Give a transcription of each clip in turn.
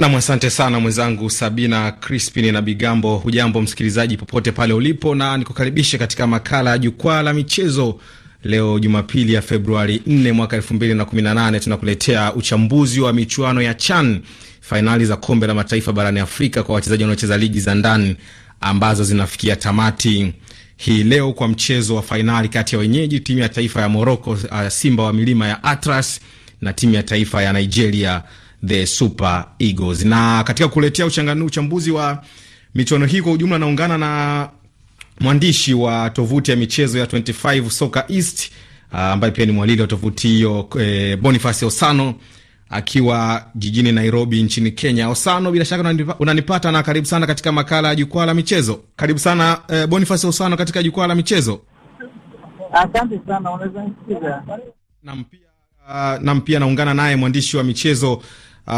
Nam, asante sana mwenzangu Sabina Crispin na Bigambo. Hujambo msikilizaji popote pale ulipo, na nikukaribishe katika makala ya jukwaa la michezo. Leo Jumapili ya Februari 4 mwaka 2018 tunakuletea uchambuzi wa michuano ya CHAN, fainali za kombe la mataifa barani Afrika kwa wachezaji wanaocheza ligi za ndani ambazo zinafikia tamati hii leo kwa mchezo wa fainali kati ya wenyeji timu ya taifa ya Moroko, uh, Simba wa milima ya Atlas na timu ya taifa ya Nigeria the Super Eagles. Na katika kuletea uchanganuzi, uchambuzi wa michuano hii kwa ujumla, naungana na mwandishi wa tovuti ya michezo ya 25 Soka East ah, ambaye pia ni mwalili wa tovuti hiyo eh, Boniface Osano akiwa jijini Nairobi nchini Kenya. Osano, bila shaka unanipata, na karibu sana katika makala ya jukwaa la michezo. Karibu sana eh, Boniface Osano katika jukwaa la michezo. Asante sana, unaweza nisikiza? Nam ah, pia naungana naye mwandishi wa michezo uh,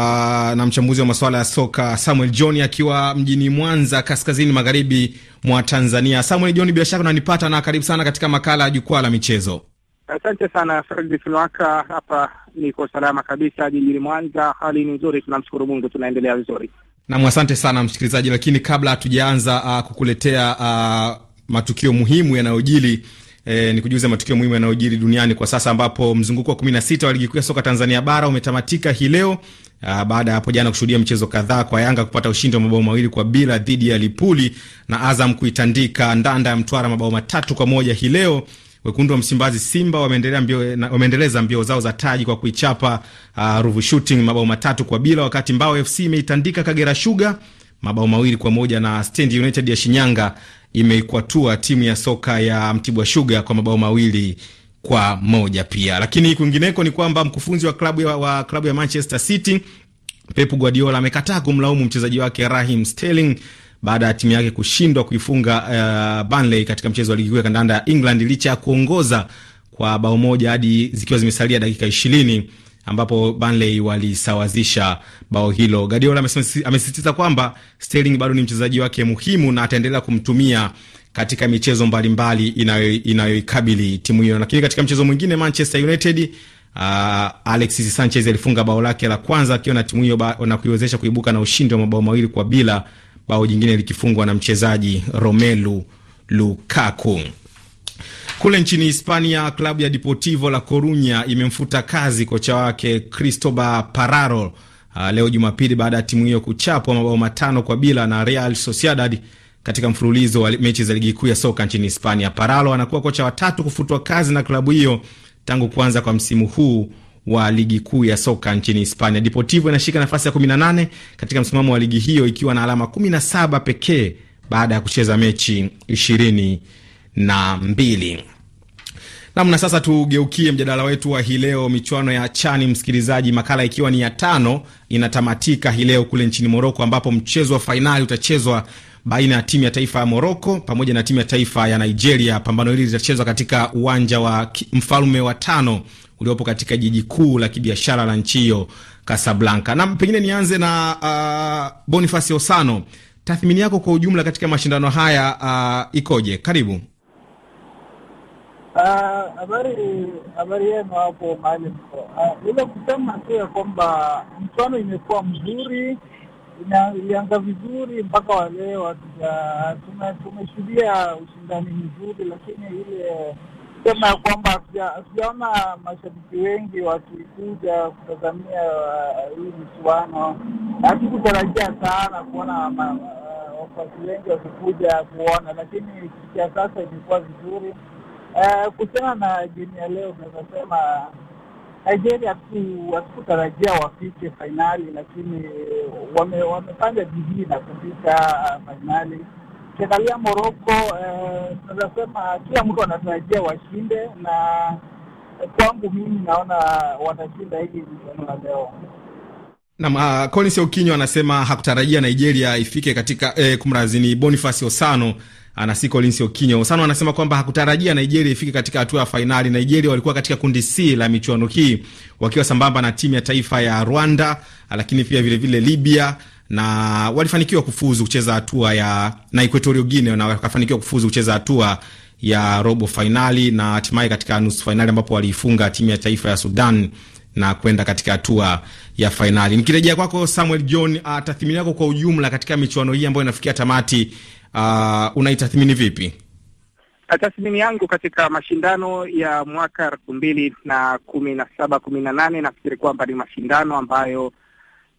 na mchambuzi wa masuala ya soka Samuel John akiwa mjini Mwanza, kaskazini magharibi mwa Tanzania. Samuel John, bila shaka unanipata, na karibu sana katika makala ya jukwaa la michezo. Asante sana Fredi Silwaka, hapa niko salama kabisa jijini Mwanza, hali ni nzuri, tunamshukuru Mungu, tunaendelea vizuri. Nam, asante sana msikilizaji, lakini kabla hatujaanza uh, kukuletea uh, matukio muhimu yanayojili E, eh, ni kujuza matukio muhimu yanayojiri duniani kwa sasa ambapo mzunguko wa kumi na sita wa ligi kuu ya soka Tanzania bara umetamatika hii leo uh, baada ya hapo jana kushuhudia mchezo kadhaa kwa Yanga kupata ushindi wa mabao mawili kwa bila dhidi ya Lipuli na Azam kuitandika Ndanda ya Mtwara mabao matatu kwa moja. Hii leo wekundu wa Msimbazi Simba wameendeleza mbio zao za taji kwa kuichapa uh, Ruvu Shooting mabao matatu kwa bila, wakati Mbao FC imeitandika Kagera Sugar mabao mawili kwa moja na Stand United ya Shinyanga imeikwatua timu ya soka ya Mtibwa Sugar kwa mabao mawili kwa moja pia. Lakini kwingineko ni kwamba mkufunzi wa klabu ya, wa klabu ya Manchester City Pep Guardiola amekataa kumlaumu mchezaji wake Raheem Sterling baada ya timu yake kushindwa kuifunga uh, Burnley katika mchezo wa ligi kuu ya kandanda ya England licha ya kuongoza kwa bao moja hadi zikiwa zimesalia dakika ishirini ambapo Burnley walisawazisha bao hilo. Guardiola amesisitiza kwamba Sterling bado ni mchezaji wake muhimu na ataendelea kumtumia katika michezo mbalimbali inayoikabili inayo timu hiyo. Lakini katika mchezo mwingine Manchester United uh, Alexis Sanchez alifunga bao lake la kwanza akiwa na timu hiyo na kuiwezesha kuibuka na ushindi wa mabao mawili kwa bila, bao jingine likifungwa na mchezaji Romelu Lukaku. Kule nchini Hispania, klabu ya Deportivo La Corunya imemfuta kazi kocha wake Cristobal Pararo uh, leo Jumapili baada ya timu hiyo kuchapwa mabao matano kwa bila na Real Sociedad katika mfululizo wa mechi za ligi kuu ya soka nchini Hispania. Paralo anakuwa kocha watatu kufutwa kazi na klabu hiyo tangu kuanza kwa msimu huu wa ligi kuu ya soka nchini Hispania. Deportivo inashika nafasi ya 18 katika msimamo wa ligi hiyo ikiwa na alama 17 pekee baada ya kucheza mechi 22. Namna sasa, tugeukie mjadala wetu wa hii leo, michuano ya chani msikilizaji, makala ikiwa ni ya tano inatamatika hii leo kule nchini Moroko, ambapo mchezo wa fainali utachezwa baina ya timu ya taifa ya Moroko pamoja na timu ya taifa ya Nigeria. Pambano hili litachezwa katika uwanja wa mfalme wa tano uliopo katika jiji kuu la kibiashara la nchi hiyo kasablanka Na pengine nianze na uh, Boniface Osano, tathmini yako kwa ujumla katika mashindano haya uh, ikoje? Karibu. Ah, habari uh, habari yenu hapo mahali mko. Uh, ah, ila kusema tu ya kwamba mchuano imekuwa mzuri ilianza vizuri mpaka waleo tumeshuhudia ushindani mzuri, lakini ile sema ya kwamba hatujaona mashabiki wengi wakikuja kutazamia uh, hii michuano. Hatukutarajia sana kuona uh, wafuasi wengi wakikuja kuona, lakini ya sasa imekuwa vizuri. Uh, kuhusiana na jini ya leo, unaweza sema Nigeria hatukutarajia wafike fainali, lakini wamefanya wame bidii na kufika uh, fainali. Ukiangalia Moroko, eh, uh, sema kila mtu anatarajia washinde, na kwangu mimi naona watashinda hili michuano la leo. Nam uh, Collins Okinyo anasema hakutarajia Nigeria ifike katika eh, kumrazini Boniface Osano Anasi Collins Okinyo Osano anasema kwamba hakutarajia Nigeria ifike katika hatua ya fainali. Nigeria walikuwa katika kundi C la michuano hii wakiwa sambamba na timu ya taifa ya Rwanda, lakini pia vilevile vile Libya na walifanikiwa kufuzu kucheza hatua ya na Equatorial Guinea na wakafanikiwa kufuzu kucheza hatua ya robo fainali na hatimaye katika nusu fainali ambapo waliifunga timu ya taifa ya Sudan na kwenda katika hatua ya fainali. Nikirejea kwako Samuel John, ah, tathmini yako kwa ujumla katika michuano hii ambayo inafikia tamati uh, unaitathmini vipi? Tathmini yangu katika mashindano ya mwaka elfu mbili na kumi na saba kumi na nane nafikiri kwamba ni mashindano ambayo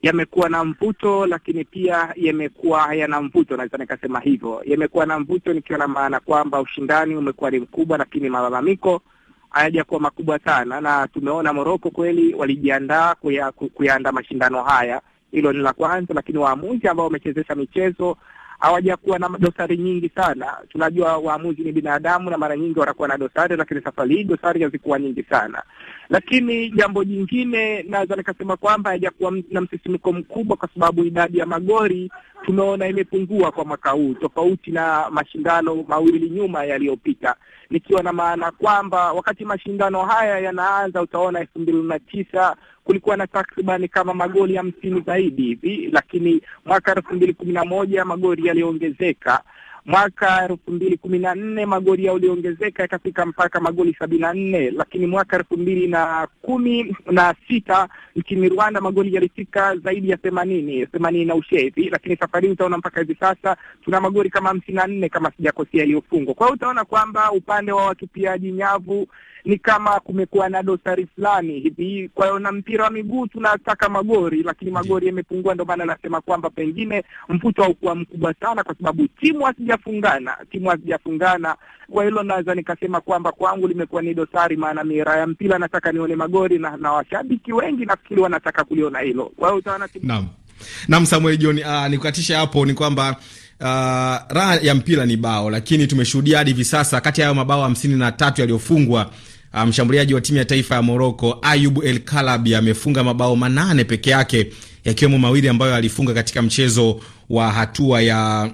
yamekuwa na mvuto, lakini pia yamekuwa hayana mvuto, naweza nikasema hivyo. Yamekuwa na mvuto nikiwa na maana kwamba ushindani umekuwa ni mkubwa, lakini malalamiko hayajakuwa makubwa sana, na tumeona Moroko kweli walijiandaa kuyaandaa mashindano haya. Hilo ni la kwanza, lakini waamuzi ambao wamechezesha michezo hawajakuwa na dosari nyingi sana. Tunajua waamuzi ni binadamu na mara nyingi wanakuwa na dosari, lakini safari hii dosari hazikuwa nyingi sana. Lakini jambo jingine naweza nikasema kwamba haijakuwa na msisimko mkubwa, kwa sababu idadi ya magori tumeona imepungua kwa mwaka huu, tofauti na mashindano mawili nyuma yaliyopita, nikiwa na maana kwamba wakati mashindano haya yanaanza, utaona elfu mbili na tisa kulikuwa na takriban kama magoli hamsini zaidi hivi, lakini mwaka elfu mbili kumi na moja magoli yaliongezeka mwaka elfu mbili kumi na nne magoli yaliongezeka yakafika mpaka magoli sabini na nne lakini mwaka elfu mbili na kumi na sita nchini Rwanda magoli yalifika zaidi ya themanini themanini na ushevi, lakini safari hii utaona mpaka hivi sasa tuna magoli kama hamsini na nne kama sijakosea yaliyofungwa. Kwa hiyo utaona kwamba upande wa watupiaji nyavu ni kama kumekuwa na dosari fulani hivi. Kwa hiyo na mpira wa miguu tunataka magori, lakini magori yamepungua, ndio maana nasema kwamba pengine mvuto haukuwa mkubwa sana, kwa sababu timu hazijafungana, timu hazijafungana. Kwa hilo naweza nikasema kwamba kwangu limekuwa ni dosari, maana mira ya mpira nataka nione magori na, na washabiki wengi nafikiri wanataka kuliona hilo. Kwa hiyo utaona timu naam, naam, Samuel John, uh, ah, nikukatisha hapo ni kwamba Uh, raha ya mpira ni bao, lakini tumeshuhudia hadi hivi sasa kati ya hayo mabao hamsini na tatu yaliyofungwa Ah, mshambuliaji wa timu ya taifa ya Moroko Ayub El Kalabi amefunga mabao manane peke yake yakiwemo mawili ambayo alifunga katika mchezo wa hatua ya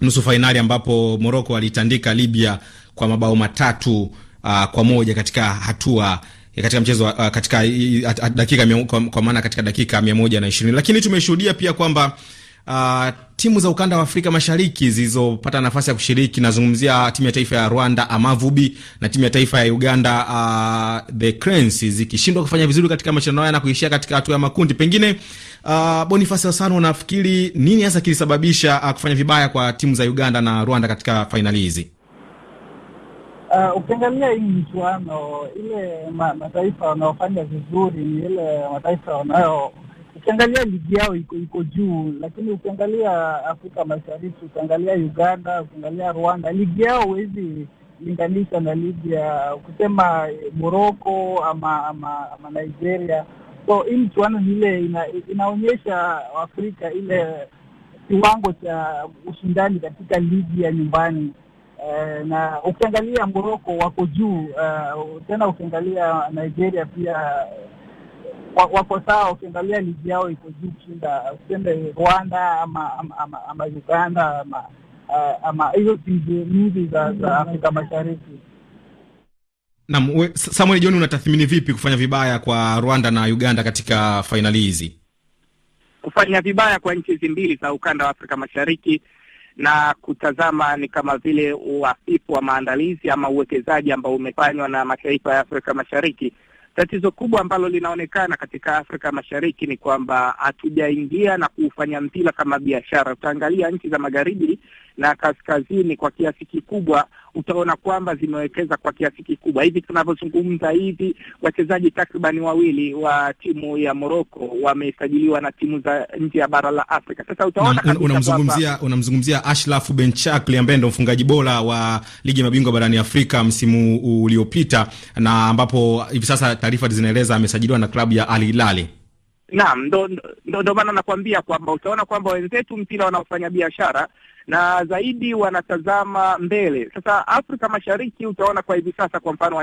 nusu fainali ambapo Moroko alitandika Libya kwa mabao matatu uh, kwa moja katika hatua eh, katika mchezo uh, katika, uh, dakika, kwa, kwa maana katika dakika mia moja na ishirini, lakini tumeshuhudia pia kwamba Uh, timu za ukanda wa Afrika Mashariki zilizopata nafasi ya kushiriki, nazungumzia timu ya taifa ya Rwanda Amavubi na timu ya taifa ya Uganda uh, the Cranes zikishindwa kufanya vizuri katika mashindano haya na kuishia katika hatua ya makundi. Pengine uh, Boniface Osano, unafikiri nini hasa kilisababisha uh, kufanya vibaya kwa timu za Uganda na Rwanda katika fainali hizi? Uh, ukiangalia hii michuano ile ma, mataifa wanaofanya vizuri ni ile mataifa wanayo ukiangalia ligi yao iko iko juu, lakini ukiangalia Afrika Mashariki, ukiangalia Uganda, ukiangalia Rwanda, ligi yao huwezi linganisha na ligi ya ukisema moroko ama, ama, ama Nigeria. So hii mchuano ile ina, inaonyesha Afrika ile kiwango cha ushindani katika ligi ya nyumbani eh, na ukiangalia moroko wako juu uh, tena ukiangalia Nigeria pia wako sawa. Ukiangalia ligi yao iko juu kushinda usende Rwanda ama ama, ama, ama Uganda ama uh, ama hizo timu nyingi za, za Afrika Mashariki. Naam, Samuel John, unatathmini vipi kufanya vibaya kwa Rwanda na Uganda katika fainali hizi? Kufanya vibaya kwa nchi hizi mbili za ukanda wa Afrika Mashariki na kutazama ni kama vile uhafifu wa maandalizi ama uwekezaji ambao umefanywa na mataifa ya Afrika Mashariki Tatizo kubwa ambalo linaonekana katika Afrika Mashariki ni kwamba hatujaingia na kuufanya mpira kama biashara. Utaangalia nchi za magharibi na kaskazini kwa kiasi kikubwa utaona kwamba zimewekeza kwa kiasi kikubwa. Hivi tunavyozungumza hivi, wachezaji takribani wawili wa timu ya moroko wamesajiliwa na timu za nje ya bara la Afrika. Sasa utaona una unamzungumzia Ashraf Ben Chakli ambaye ndo mfungaji bora wa ligi ya mabingwa barani Afrika msimu uliopita, na ambapo hivi sasa taarifa zinaeleza amesajiliwa na klabu ya Al Hilal. Naam, ndo ndo maana nakwambia kwamba utaona kwamba wenzetu mpira wanaofanya biashara na zaidi wanatazama mbele. Sasa Afrika Mashariki utaona kwa hivi sasa, kwa mfano,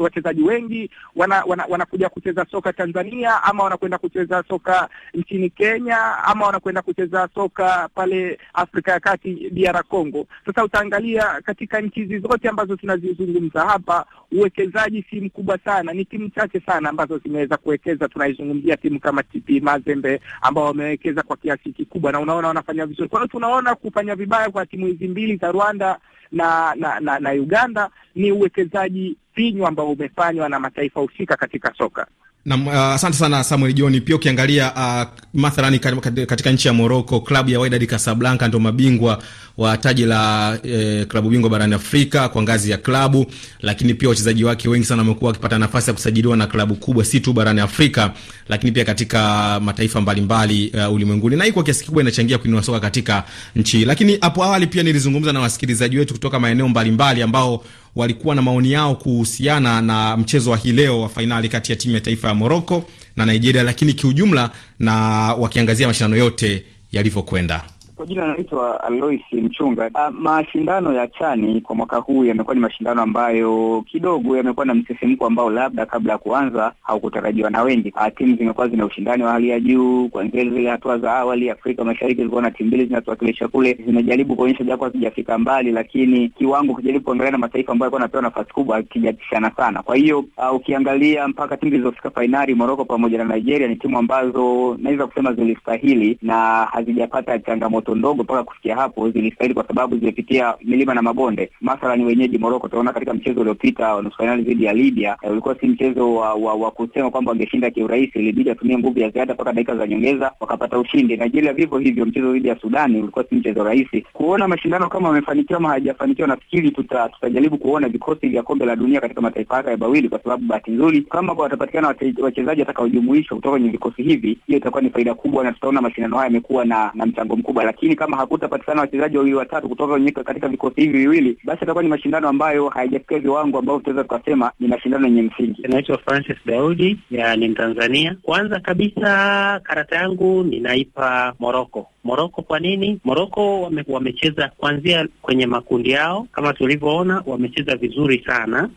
wachezaji wengi wanakuja wana, wana kucheza soka Tanzania ama wanakwenda kucheza soka nchini Kenya ama wanakwenda kucheza soka pale Afrika ya Kati, DR Congo. Sasa utaangalia katika nchi hizi zote ambazo tunazizungumza hapa, uwekezaji si mkubwa sana, ni timu chache sana ambazo zimeweza kuwekeza. Tunaizungumzia timu kama TP Mazembe ambao wamewekeza kwa kiasi kikubwa, na unaona wanafanya vizuri. Kwa hiyo tunaona kufanya vibaya kwa timu hizi mbili za Rwanda na na, na, na Uganda ni uwekezaji finyu ambao umefanywa na mataifa husika katika soka. Nam, uh, asante uh, sana Samuel John. Pia ukiangalia uh, mathalani katika nchi ya Morocco, klabu ya Wydad Casablanca ndio mabingwa wa taji la eh, klabu bingwa barani Afrika kwa ngazi ya klabu, lakini pia wachezaji wake wengi sana wamekuwa wakipata nafasi ya kusajiliwa na klabu kubwa, si tu barani Afrika, lakini pia katika mataifa mbalimbali uh, ulimwenguni, na hii kwa kiasi kikubwa inachangia kuinua soka katika nchi. Lakini hapo awali pia nilizungumza na wasikilizaji wetu kutoka maeneo mbalimbali ambao walikuwa na maoni yao kuhusiana na mchezo wa hii leo wa fainali kati ya timu ya taifa ya Moroko na Nigeria, lakini kiujumla na wakiangazia mashindano yote yalivyokwenda. Kwa jina anaitwa Alois Mchunga. A, ah, mashindano ya Chani kwa mwaka huu yamekuwa ni mashindano ambayo kidogo yamekuwa na msisimko ambao labda kabla ya kuanza haukutarajiwa na wengi. Ah, timu zimekuwa zina ushindani wa hali ya juu, kuanzia zile hatua za awali. Afrika Mashariki ilikuwa na timu mbili zinatuwakilisha kule, zimejaribu kuonyesha japo hazijafika mbali, lakini kiwango kijaribu kuangalia na mataifa ambayo yalikuwa anapewa nafasi kubwa akijatishana sana. Kwa hiyo ah, ukiangalia mpaka timu zilizofika fainali, Moroko pamoja na Nigeria, ni timu ambazo naweza kusema zilistahili na hazijapata changamoto changamoto ndogo mpaka kufikia hapo zilistahili, kwa sababu zimepitia milima na mabonde. Mathalan wenyeji Moroko, tunaona katika mchezo uliopita wa nusu fainali dhidi ya Libya eh, ulikuwa si mchezo wa, wa, wa kusema kwamba wangeshinda kiurahisi. Ilibidi atumie nguvu ya ziada mpaka dakika za nyongeza wakapata ushindi. Nigeria vivyo hivyo, mchezo dhidi ya Sudani ulikuwa si mchezo rahisi. Kuona mashindano kama amefanikiwa ama hajafanikiwa, nafikiri tuta, tutajaribu kuona vikosi vya kombe la dunia katika mataifa haya mawili, kwa sababu bahati nzuri kama watapatikana wachezaji watakaojumuishwa kutoka kwenye vikosi hivi, hiyo itakuwa ni faida kubwa, na tutaona mashindano haya yamekuwa na, na mchango mkubwa lakini lakini kama hakutapatikana wachezaji wawili watatu kutoka kwenye katika vikosi hivi viwili, basi atakuwa ni mashindano ambayo hayajafikia viwango ambavyo tunaweza tukasema ni mashindano yenye msingi. Naitwa Francis Daudi, ni Mtanzania. Kwanza kabisa karata yangu ninaipa Moroko. Moroko kwa nini? Moroko wame, wamecheza kuanzia kwenye makundi yao kama tulivyoona, wamecheza vizuri sana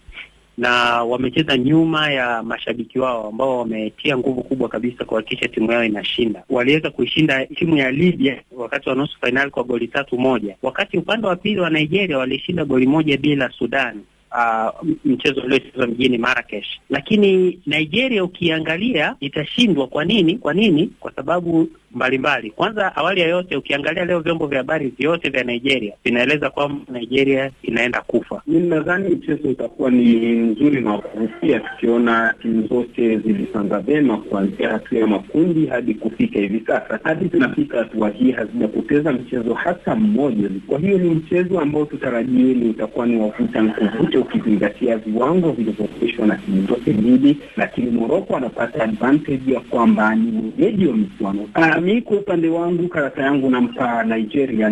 na wamecheza nyuma ya mashabiki wao ambao wametia nguvu kubwa kabisa kuhakikisha timu yao inashinda. Waliweza kuishinda timu ya Libya wakati wa nusu fainali kwa goli tatu moja, wakati upande wa pili wa Nigeria walishinda goli moja bila Sudan uh, mchezo uliochezwa mjini Marrakesh. Lakini Nigeria ukiangalia itashindwa. Kwa nini? Kwa nini? Kwa sababu mbalimbali. Kwanza, awali ya yote, ukiangalia leo vyombo vya habari vyote vya Nigeria vinaeleza kwamba Nigeria inaenda kufa. Mimi nadhani mchezo utakuwa ni mzuri na wakuvutia, tukiona timu zote zilisanga vema kuanzia hatua ya makundi hadi kufika hivi sasa. Hadi tunafika hatua hii hazijapoteza mchezo hata mmoja. Kwa hiyo ni mchezo ambao tutarajie ni utakuwa ni wavuta nkuvute ukizingatia viwango vilivyohusishwa na timu zote mbili, lakini Moroko anapata advantage ya kwamba ni mwenyeji wa michuano. Mi kwa upande wangu, karata yangu nampa Nigeria.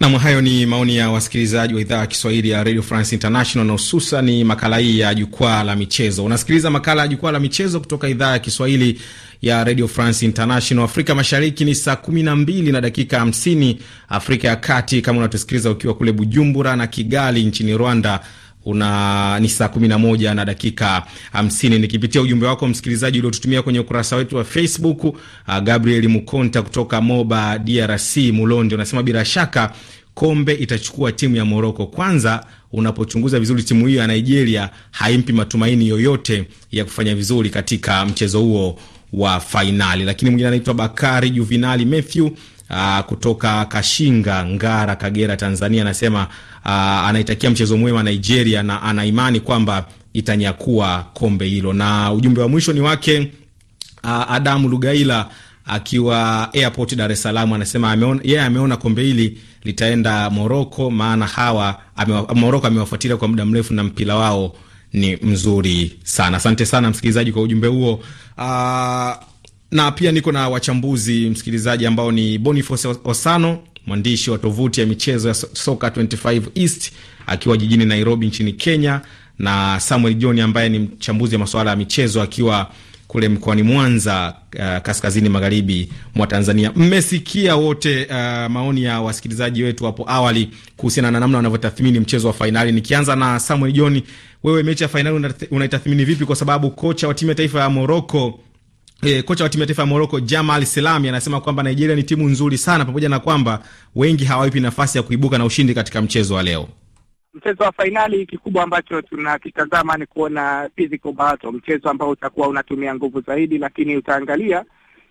Nam, hayo ni maoni ya wasikilizaji wa idhaa ya Kiswahili ya Radio France International na ni makala hii ya jukwaa la michezo. Unasikiliza makala ya jukwaa la michezo kutoka idhaa ya Kiswahili ya Radio France International. Afrika Mashariki ni saa kumi na mbili na dakika hamsini Afrika ya Kati kama unatusikiliza ukiwa kule Bujumbura na Kigali nchini Rwanda una ni saa kumi na moja na dakika hamsini. Nikipitia ujumbe wako msikilizaji uliotutumia kwenye ukurasa wetu wa Facebook. Uh, Gabriel Mukonta kutoka Moba DRC Mulondi unasema bila shaka kombe itachukua timu ya Moroko. Kwanza unapochunguza vizuri timu hiyo ya Nigeria haimpi matumaini yoyote ya kufanya vizuri katika mchezo huo wa fainali. Lakini mwingine anaitwa Bakari Juvinali Matthew aa, ah, kutoka Kashinga Ngara, Kagera, Tanzania anasema ah, anaitakia mchezo mwema Nigeria na ana imani kwamba itanyakua kombe hilo. Na ujumbe wa mwisho ni wake aa, ah, Adamu Lugaila akiwa airport Dar es Salaam anasema yeye yeah, ameona kombe hili litaenda Moroko, maana hawa Moroko amewafuatilia kwa muda mrefu na mpira wao ni mzuri sana. Asante sana msikilizaji kwa ujumbe huo. Aa, na pia niko na wachambuzi msikilizaji, ambao ni Boniface Osano, mwandishi wa tovuti ya michezo ya soka 25 East akiwa jijini Nairobi nchini Kenya, na Samuel John ambaye ni mchambuzi wa masuala ya michezo akiwa kule mkoani Mwanza, uh, kaskazini magharibi mwa Tanzania. Mmesikia wote uh, maoni ya wasikilizaji wetu hapo awali kuhusiana na namna wanavyotathmini mchezo wa fainali. Nikianza na Samuel John, wewe mechi ya fainali unaitathmini vipi, kwa sababu kocha wa timu ya taifa ya Morocco E, kocha wa timu ya taifa ya Morocco Jamal Selami anasema kwamba Nigeria ni timu nzuri sana, pamoja na kwamba wengi hawaipi nafasi ya kuibuka na ushindi katika mchezo wa leo. Mchezo wa fainali, kikubwa ambacho tunakitazama ni kuona physical battle, mchezo ambao utakuwa unatumia nguvu zaidi, lakini utaangalia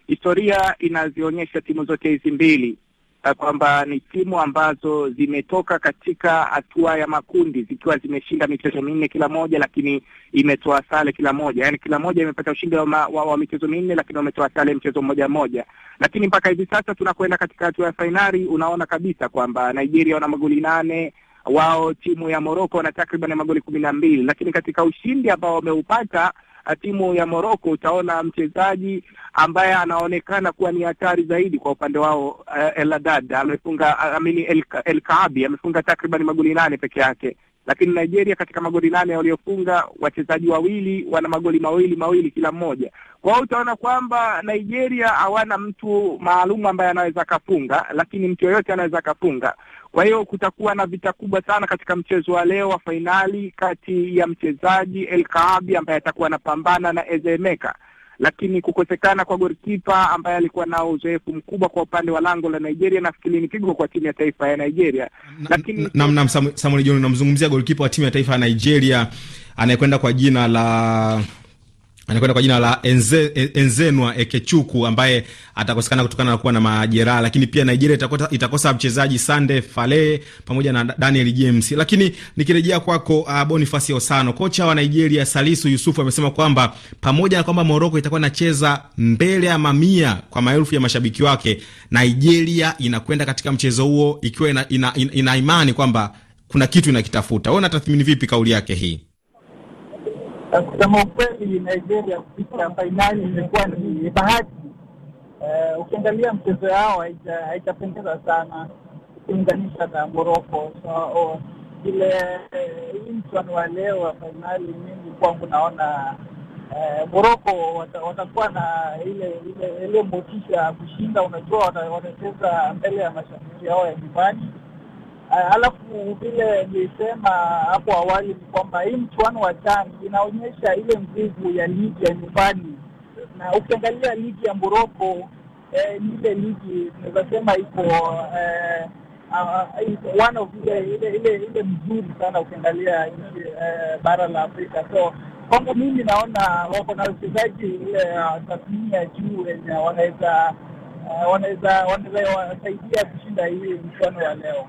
historia inazionyesha timu zote hizi mbili Eh, kwamba ni timu ambazo zimetoka katika hatua ya makundi zikiwa zimeshinda michezo minne kila moja, lakini imetoa sare kila moja, yaani kila moja imepata ushindi wa, wa, wa michezo minne, lakini wametoa sare mchezo mmoja mmoja. Lakini mpaka hivi sasa tunakwenda katika hatua ya fainali, unaona kabisa kwamba Nigeria wana magoli nane wao timu ya Morocco wana takriban magoli kumi na mbili, lakini katika ushindi ambao wameupata timu ya Morocco utaona mchezaji ambaye anaonekana kuwa ni hatari zaidi kwa upande wao uh, El Haddad amefunga amini El, El Kaabi amefunga takriban magoli nane peke yake, lakini Nigeria katika magoli nane waliofunga wachezaji wawili wana magoli mawili mawili kila mmoja. Kwa hiyo utaona kwamba Nigeria hawana mtu maalum ambaye anaweza akafunga, lakini mtu yoyote anaweza akafunga. Kwa hiyo kutakuwa na vita kubwa sana katika mchezo wa leo wa fainali kati ya mchezaji El Kaabi ambaye atakuwa anapambana na Ezemeka, lakini kukosekana kwa golikipa ambaye alikuwa na uzoefu mkubwa kwa upande wa lango la Nigeria, nafikiri ni pigo kwa timu ya taifa ya Nigeria. Lakini namna Samuel John, unamzungumzia golikipa wa timu ya taifa ya Nigeria anayekwenda kwa jina la anakwenda kwa jina la Enze, Enzenwa Ekechuku ambaye atakosekana kutokana na kuwa na majeraha, lakini pia Nigeria itakosa, itakosa mchezaji Sande Fale pamoja na Daniel James. Lakini nikirejea kwako, uh, Boniface Osano, kocha wa Nigeria Salisu Yusufu amesema kwamba pamoja na kwamba Morocco itakuwa inacheza mbele ya mamia kwa maelfu ya mashabiki wake, Nigeria inakwenda katika mchezo huo ikiwa ina, ina, ina, ina imani kwamba kuna kitu inakitafuta. Wewe unatathmini vipi kauli yake hii? Kusema ukweli, Nigeria kufika fainali imekuwa ni bahati. Eh, ukiangalia mchezo yao haijapendeza sana ukilinganisha na Moroko. So oh, ile eh, hii mchuano wa leo wa fainali, mimi kwangu naona eh, moroko watakuwa na ile ile ile motisha ya kushinda. Unajua watacheza mbele ya mashabiki yao ya nyumbani Halafu eh, vile nilisema hapo awali ni kwamba hii mchuano wa CHAN inaonyesha ile nguvu ya ligi ya nyumbani, na ukiangalia ligi ya Moroko eh, ni ile ligi tunawezasema iko eh, uh, one of ile ile ile, ile mzuri sana ukiangalia nchi eh, bara la Afrika. So kwangu mimi naona wako na wachezaji ile ah, tathmini ya juu wenye wanaweza eh, wanaweza wanaweza wasaidia kushinda hii mchuano wa leo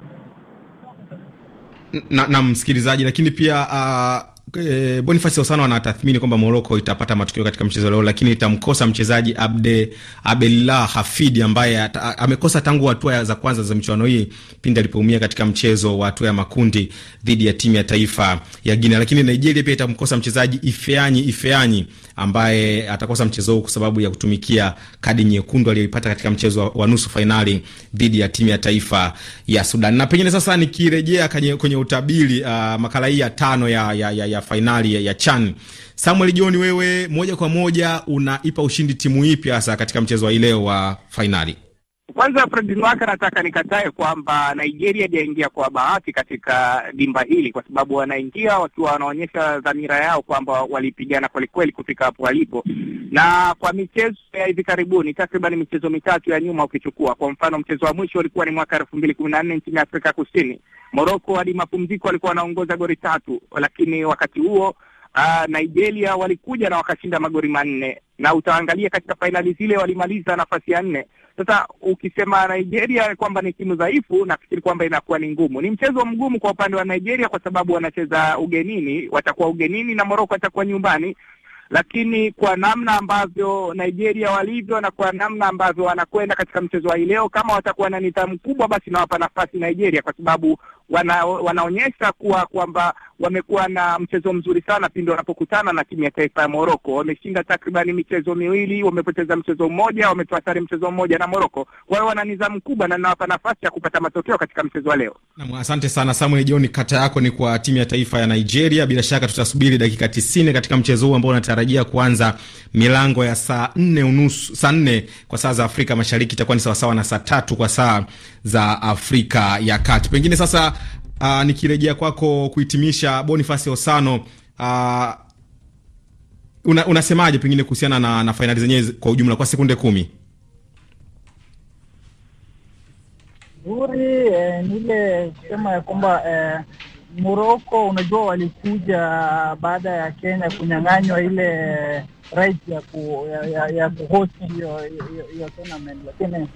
na, na msikilizaji, lakini pia uh, E, Boniface Osano anatathmini kwamba Moroko itapata matokeo katika mchezo leo, lakini itamkosa mchezaji Abde Abdella Hafidi ambaye amekosa tangu hatua za kwanza za michuano hii pindi alipoumia katika mchezo wa hatua ya makundi dhidi ya timu ya taifa ya Guinea. Lakini Nigeria pia itamkosa mchezaji Ifeanyi Ifeanyi ambaye atakosa mchezo huu kwa sababu ya kutumikia kadi nyekundu aliyoipata katika mchezo wa nusu fainali dhidi ya timu ya taifa ya Sudan. Na pengine sasa nikirejea kwenye utabiri uh, makala hii ya tano ya, ya, ya, ya fainali ya CHAN. Samuel John, wewe moja kwa moja unaipa ushindi timu ipi hasa katika mchezo wa ileo wa fainali? Kwanza Fred Nwaka, nataka nikatae kwamba Nigeria hajaingia kwa bahati katika dimba hili, kwa sababu wanaingia wakiwa wanaonyesha dhamira yao kwamba walipigana kwelikweli kufika hapo walipo, na kwa michezo ya hivi karibuni, takriban michezo mitatu ya nyuma ukichukua kwa mfano, mchezo wa mwisho ulikuwa ni mwaka elfu mbili kumi na nne nchini Afrika Kusini. Morocco hadi mapumziko walikuwa wanaongoza goli tatu, lakini wakati huo Uh, Nigeria walikuja na wakashinda magori manne, na utaangalia katika fainali zile walimaliza nafasi ya nne. Sasa ukisema Nigeria kwamba ni timu dhaifu, nafikiri kwamba inakuwa ni ngumu. Ni mchezo mgumu kwa upande wa Nigeria kwa sababu wanacheza ugenini, watakuwa ugenini na moroko atakuwa nyumbani lakini kwa namna ambavyo Nigeria walivyo na kwa namna ambavyo wanakwenda katika mchezo wa hii leo, kama watakuwa na nidhamu kubwa, basi nawapa nafasi Nigeria, kwa sababu wana, wanaonyesha kuwa kwamba wamekuwa na mchezo mzuri sana pindi wanapokutana na timu ya taifa ya Moroko. Wameshinda takribani michezo miwili, wamepoteza mchezo mmoja, wametoa sare mchezo mmoja na Moroko. Kwa hiyo wana nidhamu kubwa na nawapa nafasi ya kupata matokeo katika mchezo wa leo. Naam, asante sana Samuel John, kata yako ni kwa timu ya taifa ya Nigeria. Bila shaka tutasubiri dakika tisini katika mchezo huu ambao unatarajia kuanza milango ya saa nne unusu, saa nne kwa saa za Afrika Mashariki itakuwa ni sawasawa na saa tatu kwa saa za Afrika ya Kati. Pengine sasa uh, nikirejea kwako kuhitimisha, Boniface Osano, uh, una, unasemaje pengine kuhusiana na, na fainali zenyewe kwa ujumla kwa sekunde kumi? Zuri eh, nile sema ya kwamba eh, Moroko unajua, walikuja baada ya Kenya kunyang'anywa ile right ya ku, ya, ya, ya kuhosti hiyo hiyo tournament, lakini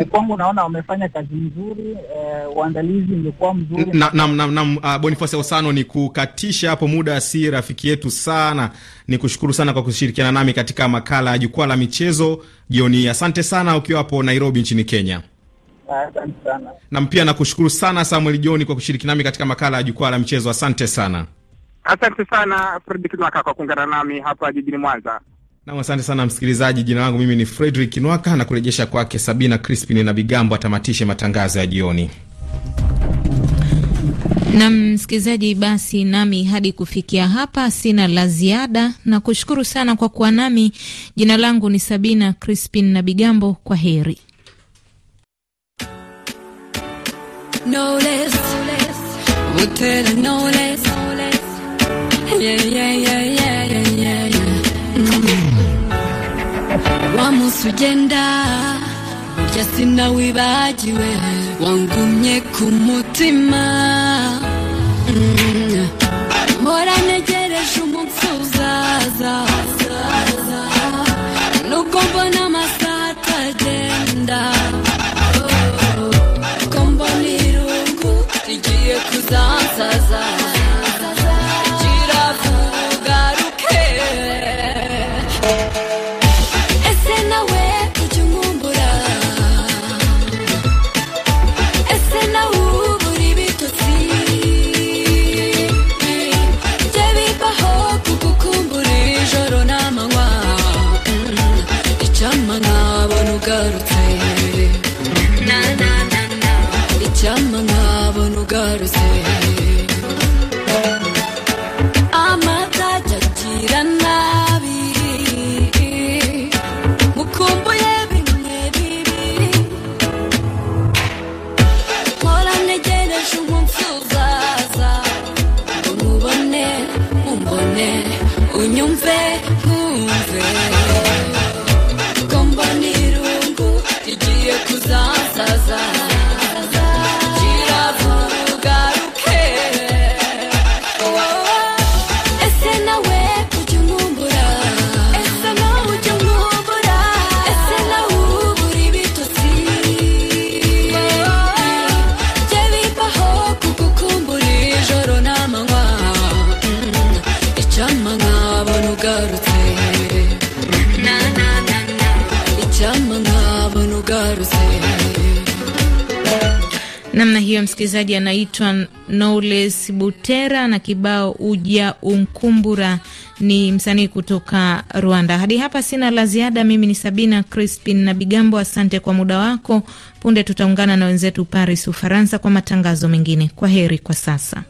eh, kwangu naona wamefanya kazi nzuri eh, uandalizi ingekuwa mzuri. Uh, Boniface Osano, ni kukatisha hapo, muda si rafiki yetu sana. Ni kushukuru sana kwa kushirikiana nami katika makala ya jukwaa la michezo jioni. Asante sana ukiwa hapo Nairobi nchini Kenya nam Na pia nakushukuru sana Samuel John kwa kushiriki nami katika makala ya jukwaa la michezo. Asante sana. Asante sana Fredrick Nwaka kwa kuungana nami hapa jijini Mwanza. Nam, asante sana msikilizaji. Jina langu mimi ni Fredrick Nwaka na kurejesha kwake Sabina Crispin na Bigambo atamatishe matangazo ya jioni. Na msikilizaji, basi nami hadi kufikia hapa sina la ziada, na kushukuru sana kwa kuwa nami. Jina langu ni Sabina Crispin na Bigambo, kwa heri. no less. We're telling no less. Yeah, yeah, yeah, yeah, yeah, yeah. Mm. Wamusu genda jasi nawe bagiwe wangumye ku mutima mm. Mm-hmm. mpora ntegereje umunsi uzaza garu tayari Na na na na Ichamanga bonu msikilizaji anaitwa Knowles Butera na kibao uja unkumbura ni msanii kutoka Rwanda. Hadi hapa sina la ziada. Mimi ni Sabina Crispin na Bigambo, asante kwa muda wako. Punde tutaungana na wenzetu Paris, Ufaransa, kwa matangazo mengine. Kwa heri kwa sasa.